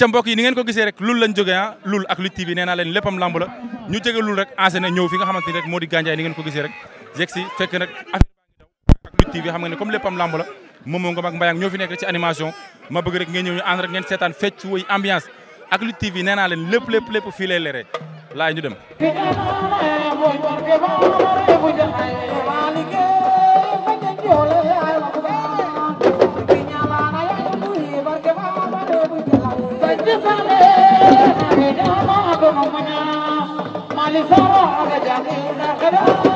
ca mbokk yi ni ngeen ko gisee rek lul lañ jógee ah lul ak Lutte TV nee leen léppam lamb la ñu jóge lul rek enchaîné ñëw fi nga xamante ni rek moo di ganja ni ngeen ko gisee rek yegg si fekk nag affaire daw ak Lutte TV xam nga ne comme léppam lamb la moom moo nga mag mbayang ñoo fi nekk rek ci animation ma bëgg rek ngeen ñëw ñu ànd rek ngeen seetaan fecc woy ambiance ak Lutte TV nee leen lépp lépp lépp fii lay leeree laay ñu dem منا مالي صراحة جاني لا غدا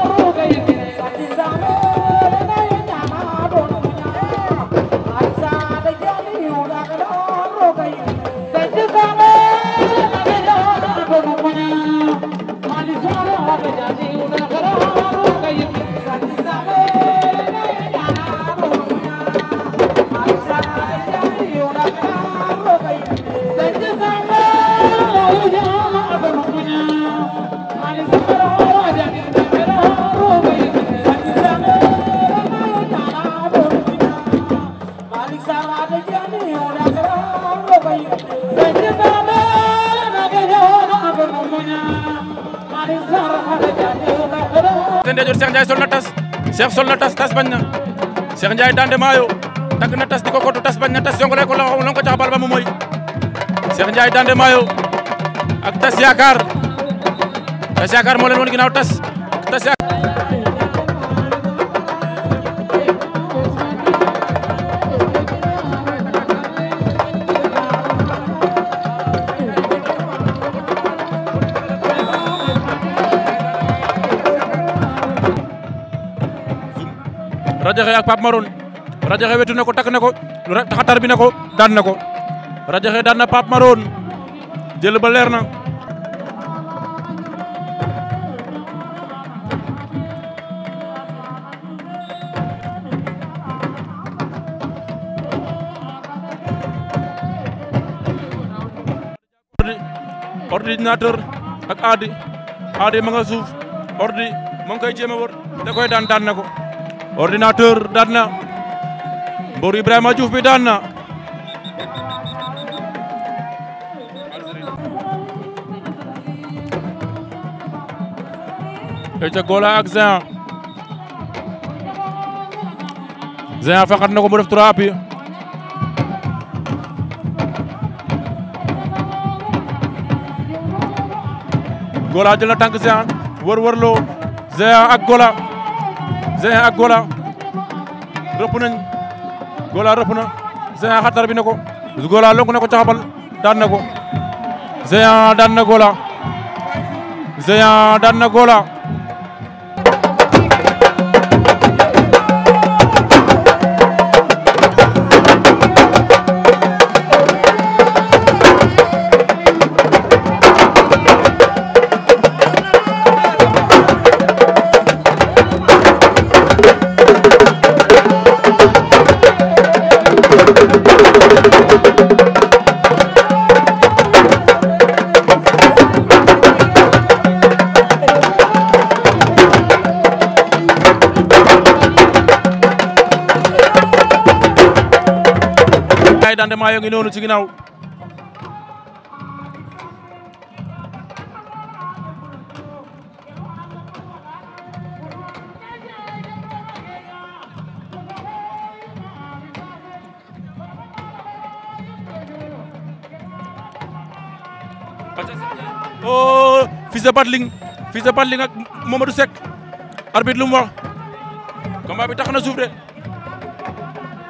Kajoor Cheikh Ndiaye sol na tas Cheikh sol na tas tas bañ na Cheikh Ndiaye daan de maayo takk na tas di ko kotu tas bañ na tas yongale ko la xaw ma ko ba mu mooy Cheikh Ndiaye maayo ak tas yaakaar tas yaakaar moo leen woon ginnaaw tas tas yaakaar. rajaxe ak Pape Maroon rajaxe wetu ko takk ko xatar bi na ko daan na ko rajaxe daan na Pape Maroon jël ba leer na ordinateur ak aadi aadi ma suuf ordi mo ngi koy wër da koy daan daan ko ordinateur daan na Mbour Ibrahima Diouf bi daan na eca Gola ak Géant Géant faxat ko mu def trois appuis Gola jël na tànk wër wër loo Géant ak Gola Zeyhan ak Gola rëpp nañ Gola rëpp na Zeyhan xatar bi na ko Gola lonk na ko caxabal daan ko Zeyhan daan na Gola Zeyhan daan Abdoulaye Dande Maayo ngi noonu ci ginnaaw oh fils de Batling fils de Batling ak Mamadou Seck arbitre lu mu wax combat bi tax suuf de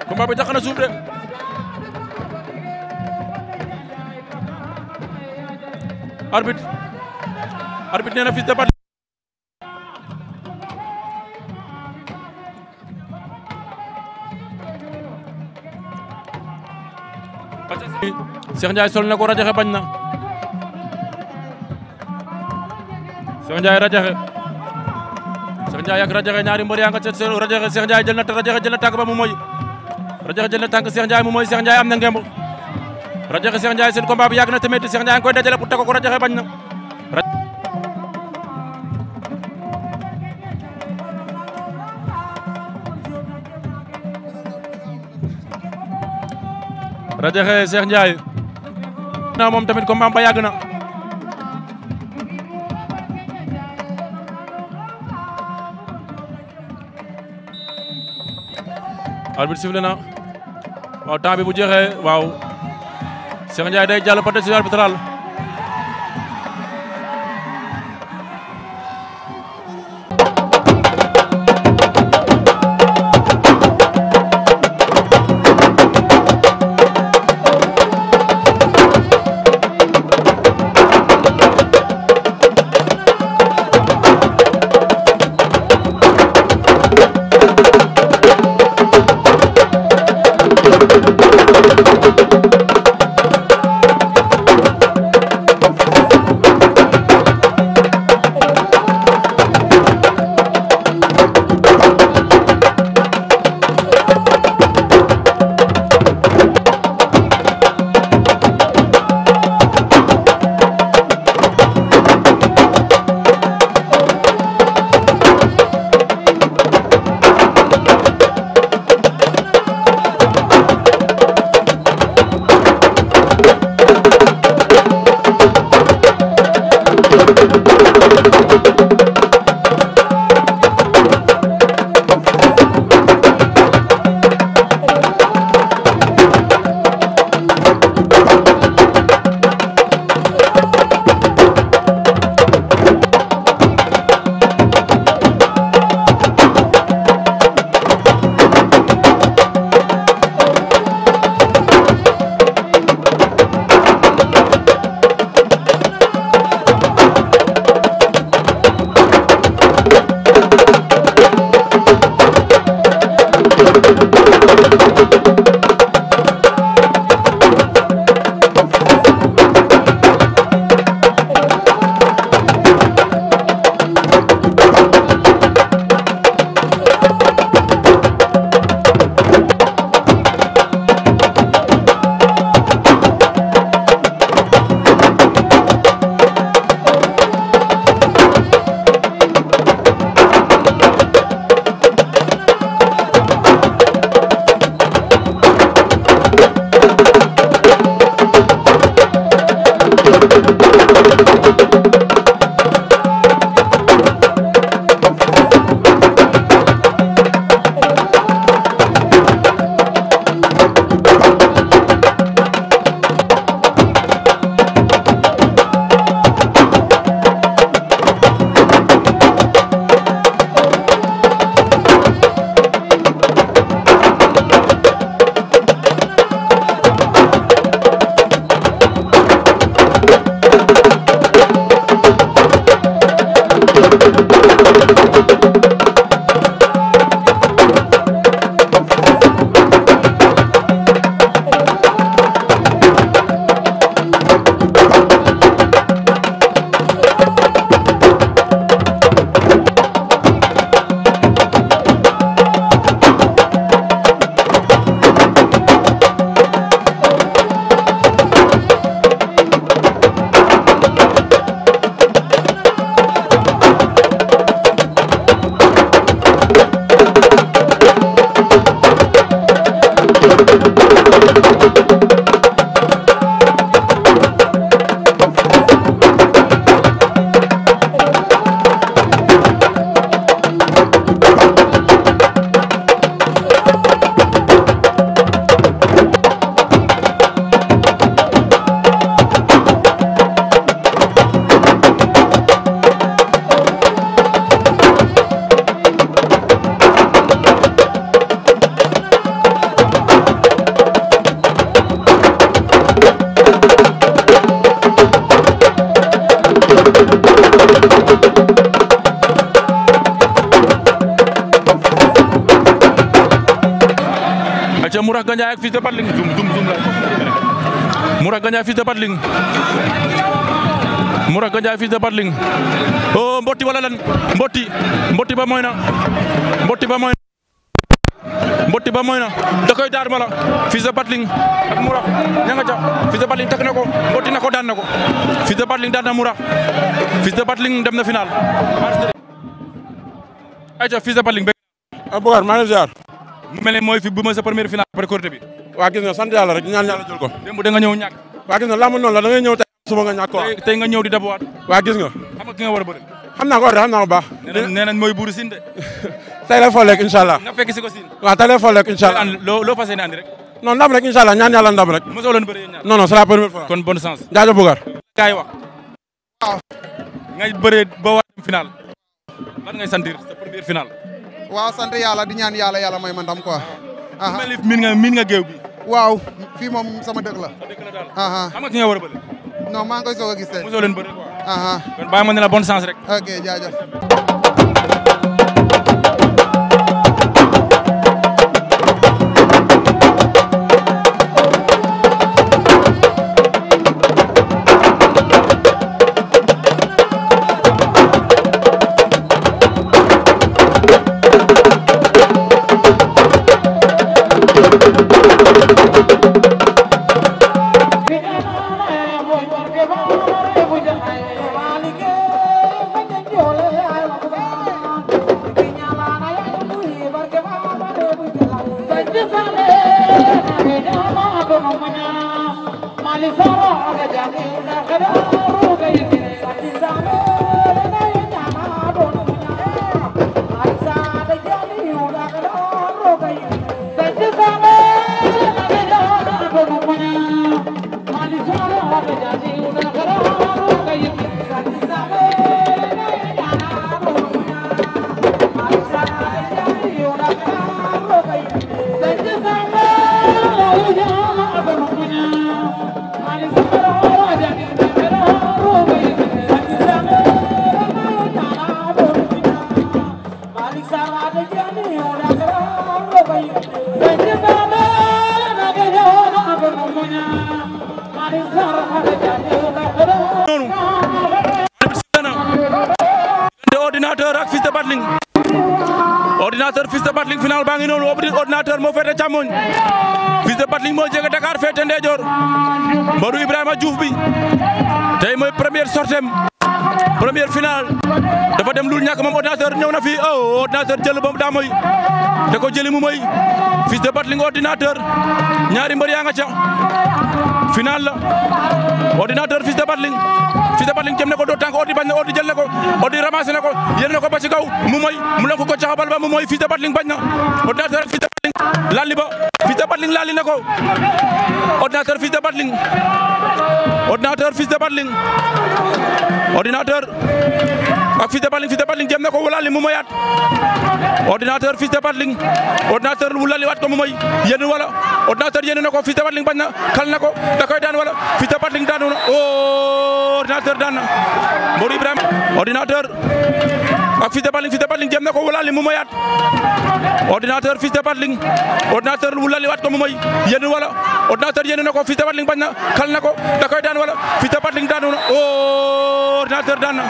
combat bi tax suuf de arbitre arbitre nee na Fils de Batling Cheikh sol na ko rajaxe bañ na Cheikh Ndiaye rajaxe Cheikh Ndiaye ak rajaxe ñaari mbër yaa nga ca rajaxe jël na rajaxe tànk ba mu moy rajaxe jël na tànk Cheikh Ndiaye mu moy Cheikh Ndiaye am na ngemb rajaxe Cheikh Ndiaye seen combat bi yàgg na te metti Cheikh Ndiaye nga koy dajale ko rajaxe na rajaxe Cheikh Ndiaye na moom tamit ba yàgg na arbitre sifflé na waaw temps bi bu jeexee Cheikh Ndiaye day jàll ba des ci Mourakh Gandiaye ak Fils de Batling zum zum zum la Mourakh Gandiaye Fils de Batling Mourakh Gandiaye Fils de Batling oh, mbotti wala lan mbotti mbotti ba mooy na mbotti ba mooy mbotti ba mooy na da koy daar mala Fils de Batling ak Mourakh ña nga ca Fils na ko mbotti na ko daan na ko Fils de Batling daan na Mourakh Fils de Batling dem na final ayca Fils de Batling mu mel ne mooy fi bu ma sa première finale après Korité bi waa gis nga sant yàlla rek ñaan yàlla jël ko démb da nga ñëw ñàkk waa gis nga làmb noonu la da ngay ñëw tey suba nga ñàkk ko tey nga ñëw di dabuwaat waa gis nga xam nga ko war xam naa ko baax nee nañ si ko Sine waaw tey lay fooleeg incha allah loo fas yéene andi rek non ndam rek incha allah ñaan yàlla ndam rek mosoo leen bëri ñaan la première fois ba waa final lan ngay sentir sa première waaw sant yàlla di ñaan yàlla yàlla may ma ndam quoi. ah mel ni miin nga miin nga géew bi. waaw fii moom sama dëkk la. ah xam nga ki nga a maa ngi koy soog a gis tey. mosoo leen bëri quoi. kon bàyyi ma ne la bonne chance rek. ok jaajëf. لسرى أبدا إلا غدا Batling final baa ngi noonu ordinateur moo féete càmmoñ Fils de Batling moo jege Dakar féete ndeejoor mbaru Ibrahima Diouf bi tey mooy première sortem première finale dafa dem lul ñàkk moom ordinateur ñëw na fi oh ordinateur jël ba daa moy da ko jëli mu moy fils de Batling ordinateur ñaari mbër yaa nga ca final la ordinateur fils de Batling fils de Batling jëm na ko doo tànk ordi bañ na ordi jël na ko ordi ramassé na ko yéen na ko ba ci mu moy mu lan ko ko caxabal ba mu moy fils de Batling bañ na ordinateur fils de lalli ba Fils de Batling lalli na ko ordinateur Fils de Batling ordinateur Fils de Batling ordinateur ak Fils de Batling Fils de na ko lalli mu moyaat ordinateur Fils de Batling ordinateur wu lalli waat ko mu moy yéen wala ordinateur yéen na ko Fils de Batling bañ na na ko da koy daan wala Fils de Batling daanu na oh, ordinateur daan na Mbour ordinateur ak Fils de Batling Fils de Batling jëm na ko wulaali mu mayaat ordinateur Fils de Batling ordinateur wulaali waat ko mu may yéen wala ordinateur yéen na ko Fils de Batling na kal na ko dakoy daan wala Fils de Batling daanu na ordinateur daan na.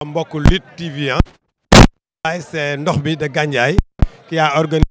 mbokk Lutte TV ah. ASC ndox bi de Gandiaye qui a organisé